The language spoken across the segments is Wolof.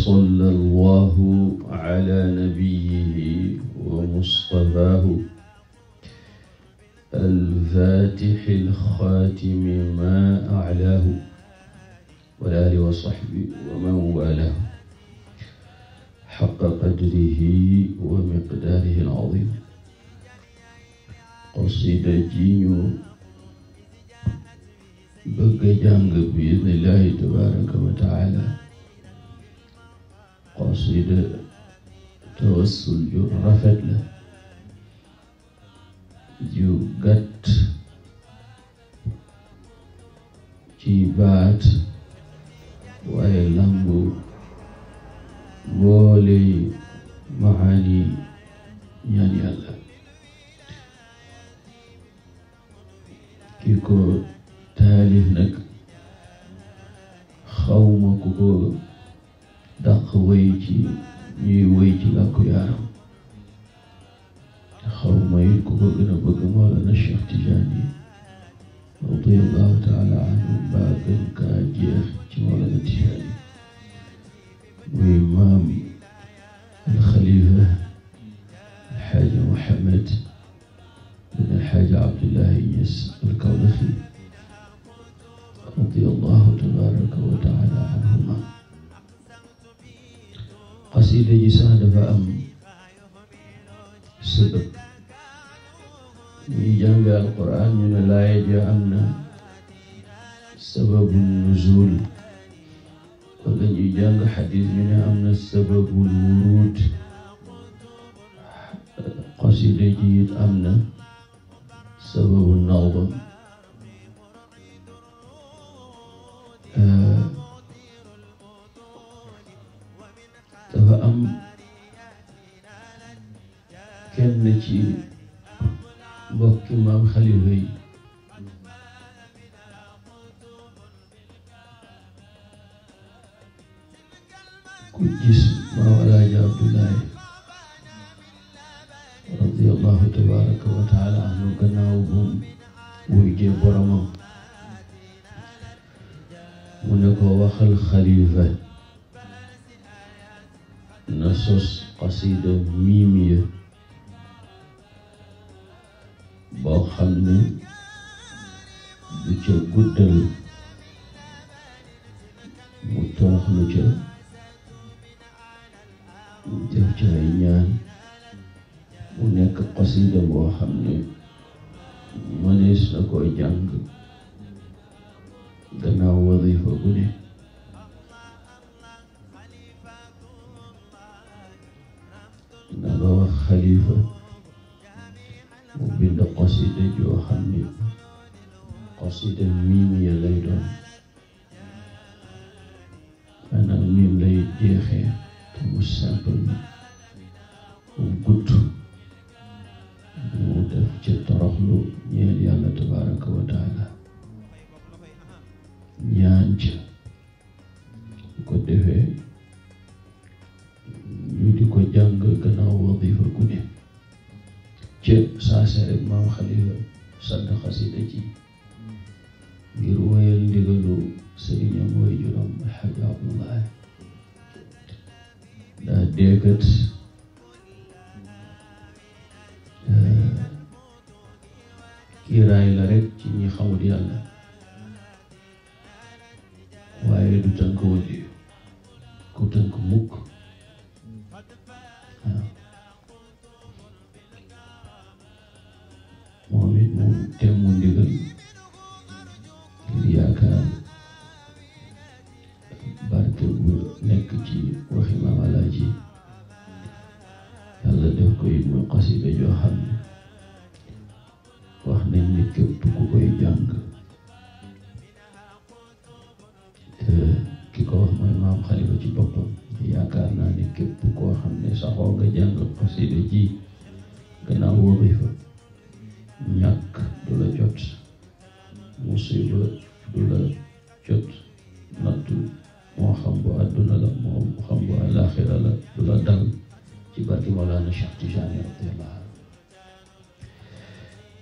وصلى الله على نبيه ومصطفاه الفاتح الخاتم ما أعلاه والآل وصحبه ومن والاه حق قدره ومقداره العظيم قصيدة جينيو bëgg jàng bi idnillahi tabaaraka xasida tawassul ju rafet la ju gàtt ci baat waaye lambu boole maxaani ñaan yàlla ki ko taalif nag xawma ku ko dàq wéy ci ñuy wéy ci làkku yaaram xaw ma it ku ko gën a bëgg Mawlana Cheikh Tidiane radiyallahu taala anhu ci mbokki maam xalifa yi lu ca guddal mu torox lu ca def ca ñaan mu nekk xasida boo xam ne mënees na koo jàng gannaaw wadifa wa taala ñaan ca ko defee ñu di ko jàng gannaaw wadifa ku ne ca saase rek maam xalifa sant xasida ci ngir woyal ndigalu sëriñam way juram alxaji abdullahi daa kiiraay la rek ci ñi xamul yàlla waaye du tënk wali ku tënk mukk moom it mu temm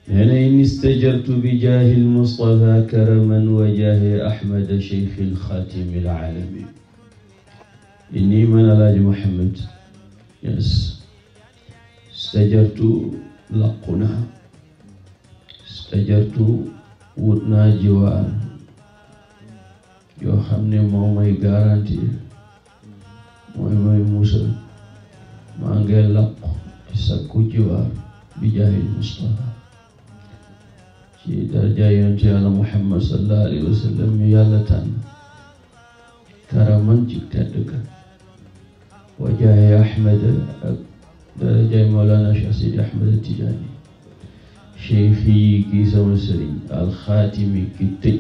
neena in istajartu bi jaahil Mustafa karaman wa jaahi Ahmada sheykhil xaatimil aalamiin inni man Alaaji Muhammad Ñas istajartu laqu naa istajartu wut naa jiwaar yoo xam ne moo may garanti mooy may musal maa ngi laqu sakku jiwaar bi jaahil Mustafa ci darja yonent yàlla Muhammad sallallahu alayhi wa sallam mi yàlla tànn karaman ci tedd ga wajaay Ahmed ak darajay Mawlana Cheikh Sidi Ahmed Tijaani cheikhi ki sama sëriñ alxaatimi ki tëj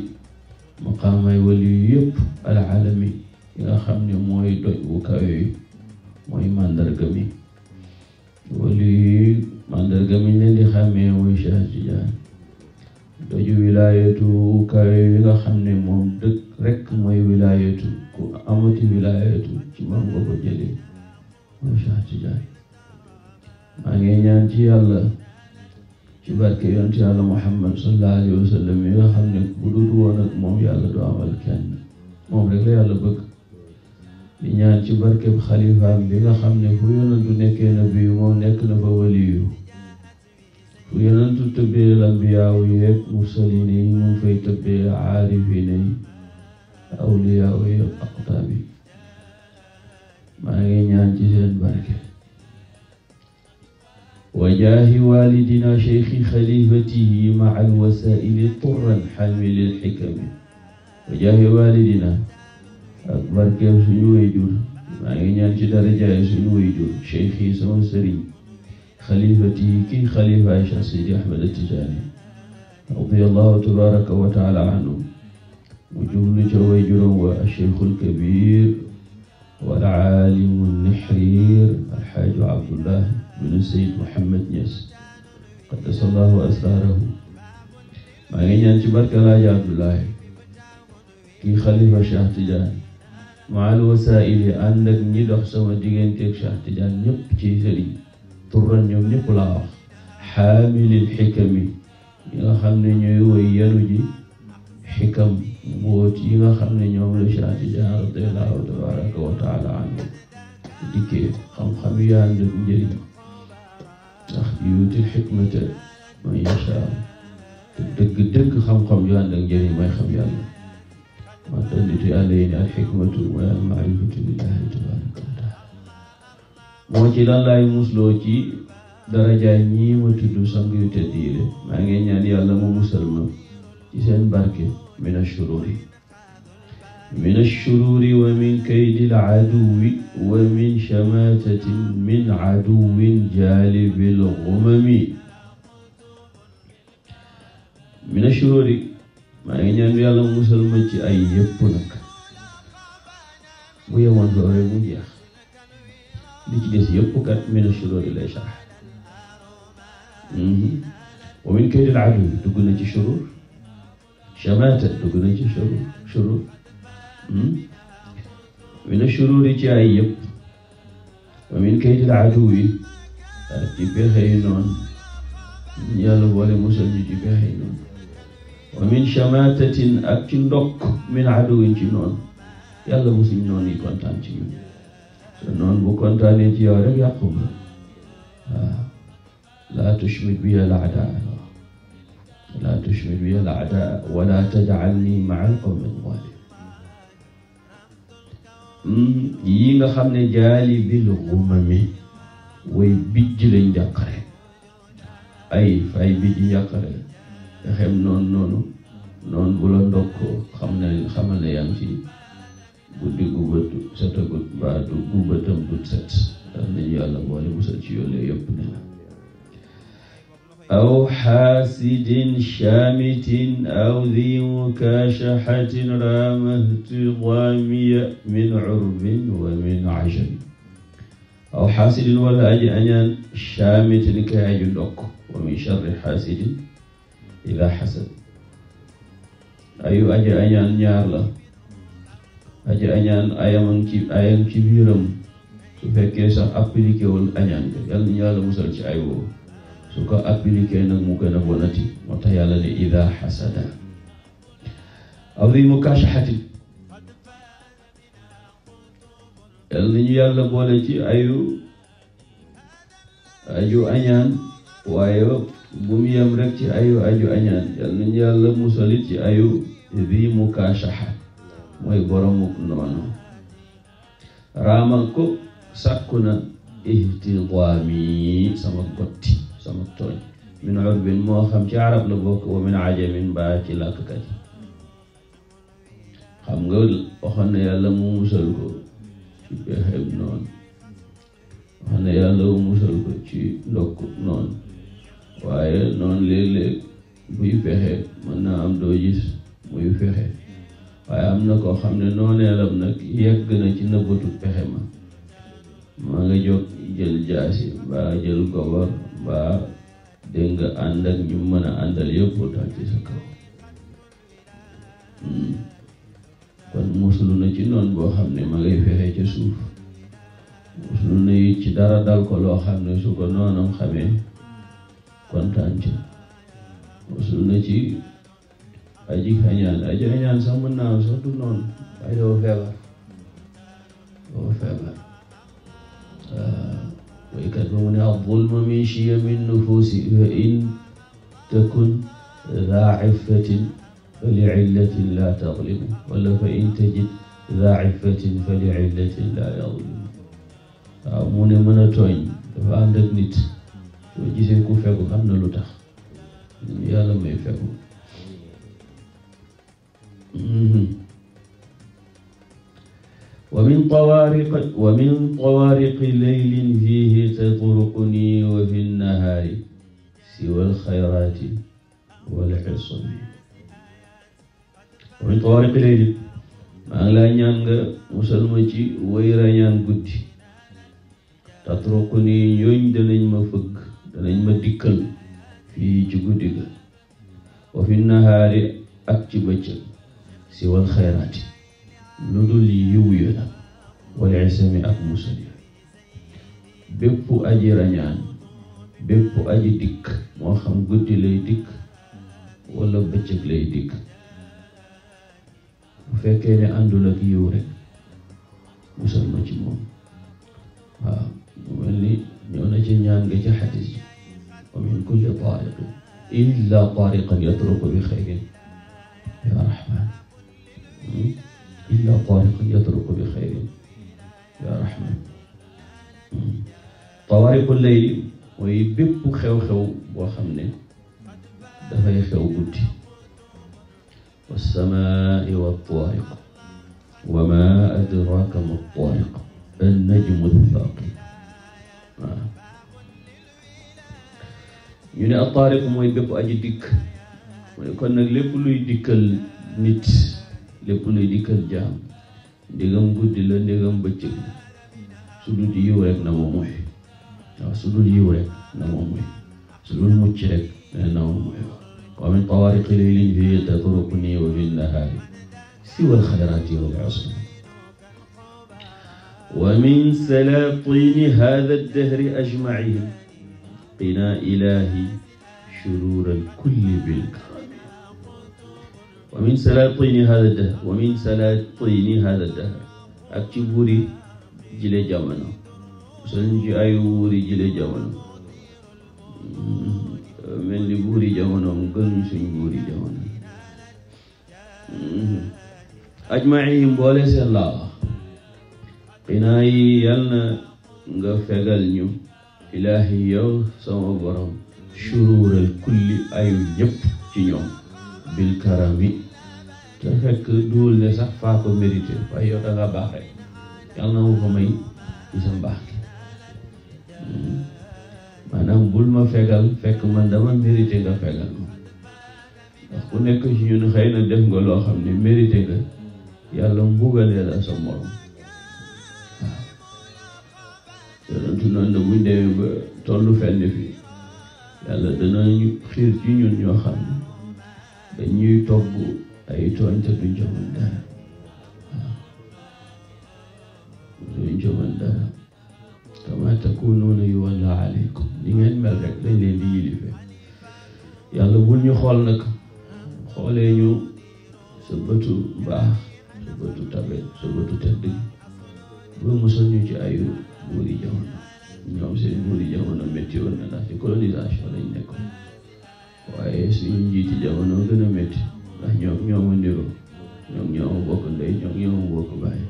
maqaamay wali yu yëpp alalami yi nga xam ne mooy doj bu kawe yi mooy màndarga mi wali yu màndarga mi leen di xàmmee mooy Cheikh Tijaani te ju wilaayatu kawe yi nga xam ne moom dëkk rek mooy wilaayatu ku amati wilaayatu ci moom nga ko jëlee mooy Cheikh Tidiane maa ngi ñaan ci yàlla ci barke yonent yàlla Muhammad sallallahu alayhi wa nga xam ne bu dul woon ak moom yàlla du amal kenn moom rek la yàlla bëgg di ñaan ci barkeb xalifaam bi nga xam ne fu yonantu nekkee na bi moom nekk na fa waliyu yenentu tëbbee lambiyaaw yeeg mursalin yi mu ngi fay tëbbee aarifina yi awliyaaw yi aqtaab yi maa ngi ñaan ci seen barke wajaahi walidina cheikhi xalifatihi ma al wasaili turan xamilil xikami wajaahi walidina ak barkeem suñu wayjur maa ngi ñaan ci darajaay suñu wayjur cheikh yi sama sëriñ xalifati kii xalifaay Cheikh Sidi Ahmed Tijaani radiyallahu tabaraka wa taala anhu mu jublu ca way juróom wa Cheikhul Kabir wal aalimu nixriir alxaaju Abdullah bin Seyd Mouhamed Niass qaddasallahu asraarahu maa ngi ñaan ci barke Alaaji Abdullahi kii xalifa Cheikh Tijaani maal wasaa'il ànd ak ñi dox sama digganteeg Cheikh Tijaani ñëpp ci sëriñ durran ñoom ñëpp laa wax xaamilil yi ñi nga xam ne ñooy woy yaru ji xikam mbóot yi nga xam ne ñoom la Cheikh Tijaan radiyallaahu tabaaraka wa taala anhu dikkee xam-xam yi ànd ak njëriñ ndax yuutil xikmata man yashaa te dëgg-dëgg xam-xam yu ànd ak njëriñ mooy xam yàlla maa tax nitu yàlla yi ne al xikmatu mooy al maarifatu billaahi tabaaraka moo ci lan laay musloo ci darajaay ñii ma tudd sang yu maa ngi ñaan yàlla mu musal ma ci seen barke min ashururi min ashururi wa min kaydil aduwi wa min shamatatin min aduwin jaalibil gumami min ashururi maa ngi ñaan yàlla mu musal ci ay yëpp nag li ci des yëpp kat mina shuruuri mhm. min kaydil aduwi dugg na ci shuruur shamaata dugg na ci shuruur shuruur mhm. mina shuruuri ci ay yëpp wa min kaydil aduwi ci pexe yi noonu yàlla boole musal ñu ci pexe yi noonu wa min shamaatatin ak ci ndokk min aduwin ci noonu yàlla musuñ noonu sa noonu bu kontaanee ci yow rek yàqu nga waaw laa tushmit bi al aadaa laa tushmit bi al aadaa wala tajcalni maa al qawmi al zaalimiin hmm, yi nga xam ne jaali bil gumami way bijj lañ jàqare ay fay bijj jàqare fexeem noonu noonu noonu bu la ndokk xam ne xamal ne yaa ngi ci guddi gu bët setagut mbaa du gumbatam du set am nañu yàlla boole musal ci yoolee yëpp ne na aw xaasidin shaamitin aw di mukashaxatin raamahtidaamiya min urbin wa min ajam aw xaasidin wala aji añaan shaamitin ka aju ndokk wa min charri xaasidin ida xasad ayu aji añaan ñaar la aji añaan ayamam ci ayam ci biiram su fekkee sax appliqué wul añaan ga yàlla ñu musal ci ayu su ko appliqué nag mu gën a bonati moo tax yàlla ne ida xasada azimu kashaxatin yàlla ñu yàlla boole ci ayu aju añaan waaye bu mu yem rek ci ayu añaan yàlla ñu yàlla ci ayu di mukashaxa mooy boroomu noonu raamal ko sàkku na ihtiqaami sama gotti sama tooñ min urbin moo xam ci arab la bokk wa min ajamin mbaa ci làkkat yi xam nga waxoon na yàlla mu musal ko ci pexeeb noonu waxoon na yàlla mu musal ko ci ndokk noonu waaye noonu léeg-léeg buy fexe mën naa am doo gis muy fexe waaye am na koo xam ne nooneelam nag yegg na ci nëbbatu pexe ma maa nga jóg jël jaasi mbaa jël gobar mbaa dégg nga ànd ak ñu mën a àndal yëpp daal sa kaw hmm. kon muslu na ci noonu boo xam ne ma ngay fexe ca suuf muslu na it ci dara dal ko loo xam ne su ko noonam xamee kontaan ca muslu na ci aji añaan aji añaan sax mën naa sax du noonu waaye dafa feebar dafa feebar waykat ba mu ne adulma min chiyami nufuusi fa in takun daa iffatin fa li illatin laa taglibu wala fa in tajid daa iffatin fa li illatin laa yaglibu waaw mu ne mën a tooñ dafa ànd ak nit soo gisee ku fegu xam na lu tax yàlla may fegu wa min tawaariq wa min tawaariqi leylin fiihi fi nnahaari siwa alxayraati wal xirson min tawaariqi leylin maa ngi ñaan nga musal ci way rañaan guddi tatruquni ñooñ danañ ma fëgg danañ ma dikkal fii ci guddi ga wa fi nnahaari ak ci bëccëg si wal xayraati lu dul yiw ya la wala isami ak musal ya bépp aji rañaan bépp aji dikk moo xam guddi lay dikk wala bëccëg lay dikk bu fekkee ne àndul ak yiw rek musal ma ci moom waaw mu mel ni ñëw na ci ñaan nga ci xadis yi wa kulli taariqin illa taariqan yatruku bi xayrin ya rahman illa tariqan yatruku bi xayrin ya rahman tawaariqu layl mooy bépp xew-xew boo xam ne dafay xew guddi wasamaai wa taariq wa ma adraka ma taariq an najmu thaqib waaw ñu ne a taariq mooy bépp aji dikk mu ne kon nag lépp luy dikkal nit lépp luy dikkal jaam ndegam guddi la ndegam bëccëg la su dul yiw rek na ma moy waaw su dul yiw rek na ma moy su dul mucc rek na ma moy wa min tawaariqi laylin fii tatrukuni wa fi nahaari siwal xayraati wal usri wa min salaatini haada dahri ajmain qina ilahi shuruura kulli bilka wa min salaatini hada dahr wa min salaatini hada ak ci buuri jile jamono suñ ci ay buuri jile jamono hmm, mel ni buuri jamono mu gënuñ suñ buuri jamono hmm, ajmaihim boole yi yal na nga fegal ñu ilaahi yow sama borom shuruural kulli ayu ñëpp ci ñoom bil karami te fekk duwul ne sax faa ko mérité waaye yow danga baax rek yàlla ko may ci sa mbaax gi maanaam bul ma fegal fekk man dama mérité nga fegal ma ndax ku nekk ci ñun xëy na def nga loo xam ne mérité nga yàlla mbugalee la sa morom yonentu noonu da buñ demee ba tollu fenn fi yàlla dana xiir ci ñun ñoo xam ne dañuy togg ay tooñ te duñ ca mën dara duñ ca mën dara kama takunuuna yuwalla ngeen mel rek dañ leen di yilife yàlla bul ñu xool nag xoolee ñu sa bëtu baax sa bëtu tabe sa bëtu tedd ba ñu ci ayu buuri jamono ñoom seen buuri jamono métti woon na ndax ci colonisation lañ waaye suñu njiiti jamono gën a métti ndax ñoom ñoo ma niroo ñoom ñoo ma bokk ndey ñoom ñoo ma bokk baay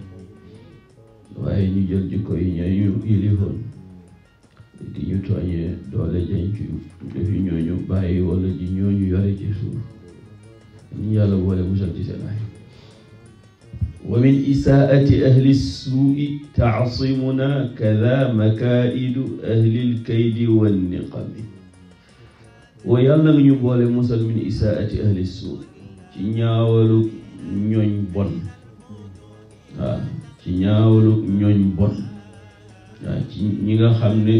waaye ñu jël jikko yi ñooñu yilifoon di ñu tooñee doole denc defi ñooñu bàyyi wala ji ñooñu yore ci suuf ñu yàlla boole musal ci seen ay wa min isaati ahli suui taasimuna kada makaidu ahli lkaydi wanniqami wa yàlla nga ñu boole musal min isaati ahli suu ci ñaawalu ñooñ bon waaw ci ñaawalu ñooñ bon waaw ci ñi nga xam ne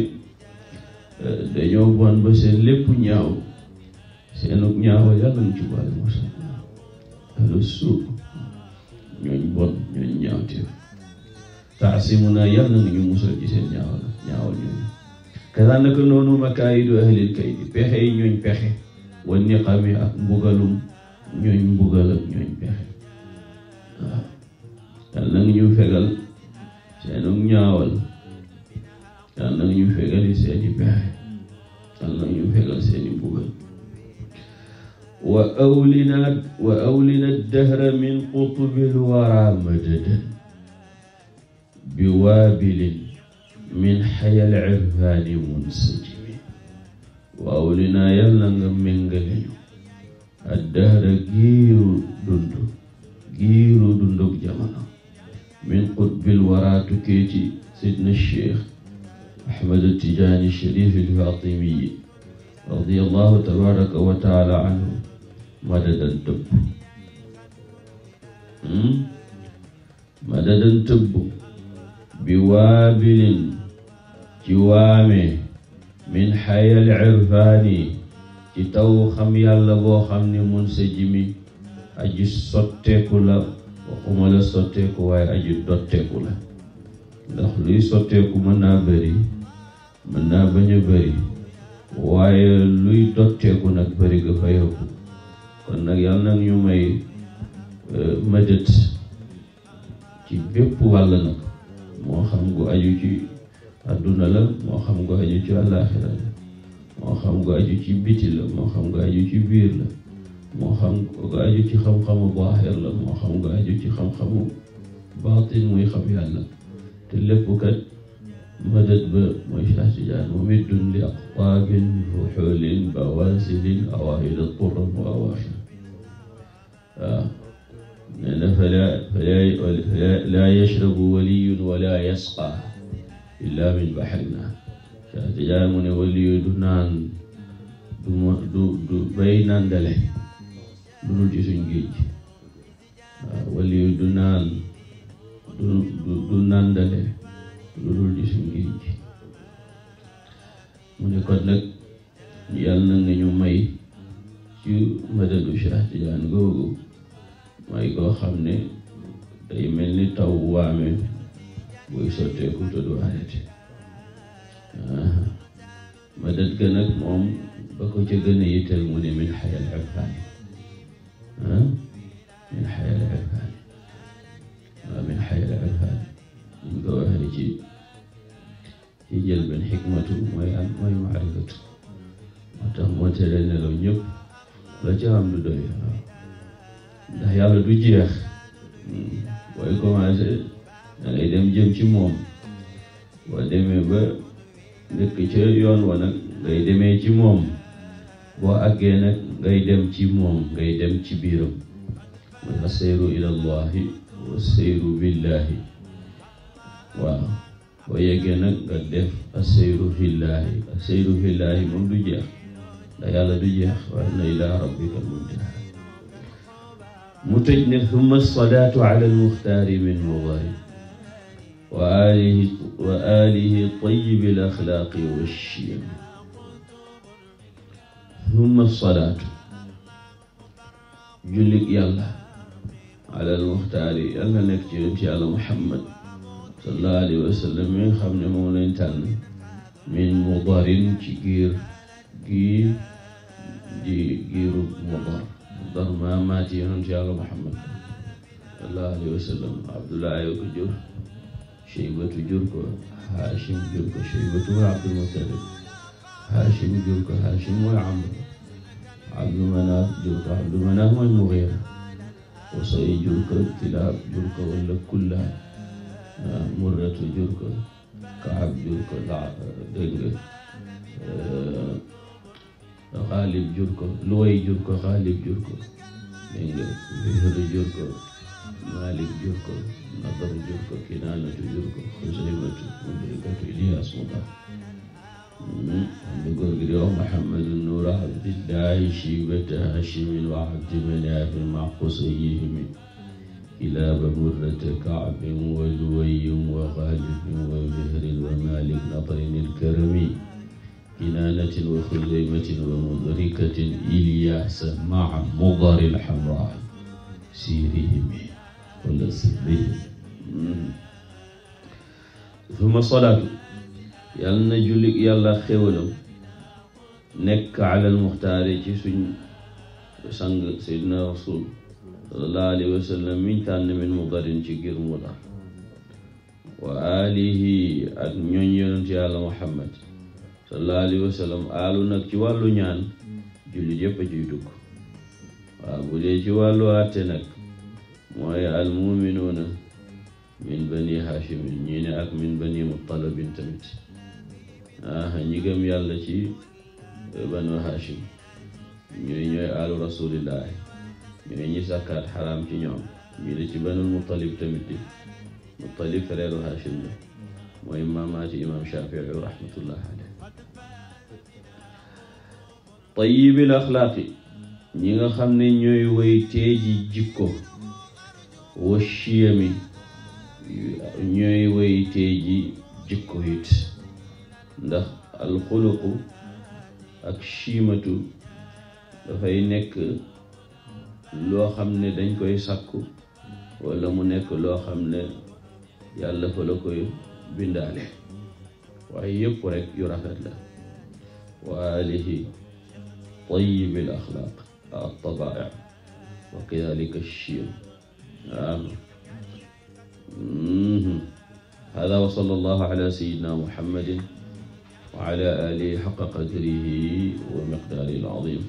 euh, dañoo bon ba seen lépp ñaaw seenug ñaawa yàlla nga ci boole musal ahli suu ñooñ bon ñooñ ñaawteef taasimuna yàlla nga ñu musal ci seen ñaawal ñaawal ñooñu kadaa naka noonu makaayidu ahlil kaydi pexe yi ñooñ pexe wan niqami ak mbugalum ñooñ mbugal ak ñooñ pexe waaw yàlla na fegal seeni pexe seeni mbugal wa awlina dahra min qutbil wara madadan bi waabilin min xayal irfaani munsajimi waaw li naa yàlla nga méngale ñu addahra giiru dund giiru dundug jamono min qutbil waraa tukkee ci sidna cheikh ahmad tijaani sharif alfatimiyi radiyallahu tabaraka wa taala anhu madadan tëbb hmm? madadan tëbb bi waabilin jiwaame min xayal irfaani ci taw xam yàlla boo xam ne mun sa jimi aji sotteeku la waxuma la sotteeku waaye aji dotteeku la ndax luy sotteeku mën naa bëri mën naa bañ a bëri waaye luy dotteeku nag bëri ga fa yokku kon nag yàlla nag ñu may e, mëdët ci bépp wàll nag moo xam gu aju ci àdduna la moo xam nga aju ci àllaaxira la moo xam nga aju ci biti la moo xam nga aju ci biir la moo xam nga aju ci xam-xamu baaxir la moo xam nga aju ci xam-xamu baatin muy xam yàlla te lépp kat madad ba mooy Cheikh Tidiane mu middun li aqtaabin fuxuulin bawasilin awaahil turam wa awaaxir waaw nee na fa laa fa laa laa yashrabu waliyun wala yasqaa illaa min baxrinaa Cheikh Tidiane mu ne wali yooyu du naan du du du naan dale du dul ci suñ géej waaw wali du naan du du naan dale du dul ci suñ géej mu ne kon nag yàlla na nga ñu may ci madadu Cheikh Tidiane googu may koo xam ne day mel ni taw waame muy sotteeku te du arrêté madad ga nag moom ba ko ca gën a yitteel mu ne min min xayal irfaani waaw min xayal irfaani ñu ko waxee ci ci jël benn xikmatu mooy am mooy maarifatu moo tax moo tere nelaw ñëpp la ca du doy waaw ndax yàlla du da ngay dem jëm ci moom boo demee ba nekk ca yoon wa nag ngay demee ci moom boo àggee nag ngay dem ci moom ngay dem ci biiram man a seyru ilallahi wa seyru billahi waaw boo yeggee nag nga def a seyru fillahi a seyru fillahi moom du jeex ndax yàlla du jeex wa anna ilaa rabbika muntaha mu tëj ne summa salaatu ala almuxtaari min mubaari wa alihi wa alihi tayyibil axlaaqi wa shiyam humma salaatu jullit yàlla alal muxtaari yàlla nekk ci yonent yàlla Muhammad sallallahu alayhi wa sallam mi nga xam ne moom lañ tànn min mudarin ci giir gi di giiru mudar mudar maa maati yonent yàlla Muhammad sallallahu alayhi wa sallam Abdullahi ko jur Shaybatu jur ko Haashim jur ko Shaybatu mooy Abdul Muttalib Haashim jur ko Haashim mooy Amr Abdu Manaaf jur ko Abdu Manaaf mooy Mugiira Qusay jur ko Kilaab jur ko wala Kullaab Murratu jur ko Kaab jur ko la dégg nga Xaalib jur ko Luway jur ko Xaalib jur ko dégg nga jur ko Malik jur ko Nadar jur ko Kinaanatu jur ko Xusaymatu Mudrikatu Ilyaas mu tax xam hmm, ne góor gi di wax Muhammadu nuura abdillahi shibata hashimin wa abdi manafin maa qusayhimi kilaaba murrata kaabin wa luwayin wa xaalibin wa bihrin wa malik nadarin ilkarami kinaanatin wa xusaymatin wa mudrikatin ilyaasa maa mudarin xamraa siirihi siddiq ma solaatu yàlla na julli yàlla xéwalam nekk alal muxtaari ci suñ sang sayduna rasul sallallahu alayhi wa sallam miñ tànn min mudarin ci gir mudar wa alihi ak ñooñ yonent yàlla muhammad sallallahu alayhi wa sallam aalu nag ci wàllu ñaan julli jëpp a ciy dugg waaw bu dee ci wàllu àtte mooy almuminuuna min ne ak min bani muttalibin tamit aha ñi gëm yàlla ci banu haashim ñooy ñooy alu rasulillahi ñooy ñi sàkkaat xaraam ci ñoom ñi ne ci banul muttalib tamit muttalib frèeru haashim la mooy maamaati imam shafii rahmatullah aleh tayibil axlaaqi ñi nga xam ne ñooy way teeji jikko wa chiyami ñooy waytee ji jikko it ndax alxuluqu ak chiimatu dafay nekk loo xam ne dañ koy sakku wala mu nekk loo xam ne yàlla fa la koy bindaale waaye yëpp rek yu rafet la wa alihi tayibil axlaaq at tabaai wa kadalika chiim waaw mhm. hada wa sallallahu ala sayyidina muhammadin wa ala alihi xaqa qadrihi wa miqdaarihi al-azim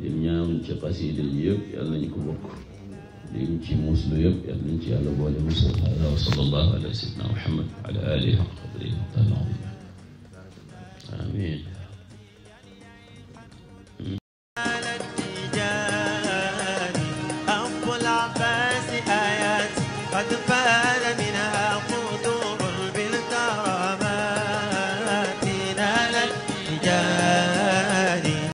lim ñaam ci xasiida yi yëpp yàlla nañu ko bokk lim ci muslu yëpp yàlla nañ ci yàlla boole muslu hada wa sallallahu ala sayyidina muhammad wa ala alihi xaqa qadrihi wa miqdaarihi al-azim amin